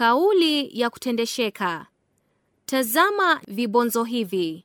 Kauli ya kutendesheka. Tazama vibonzo hivi.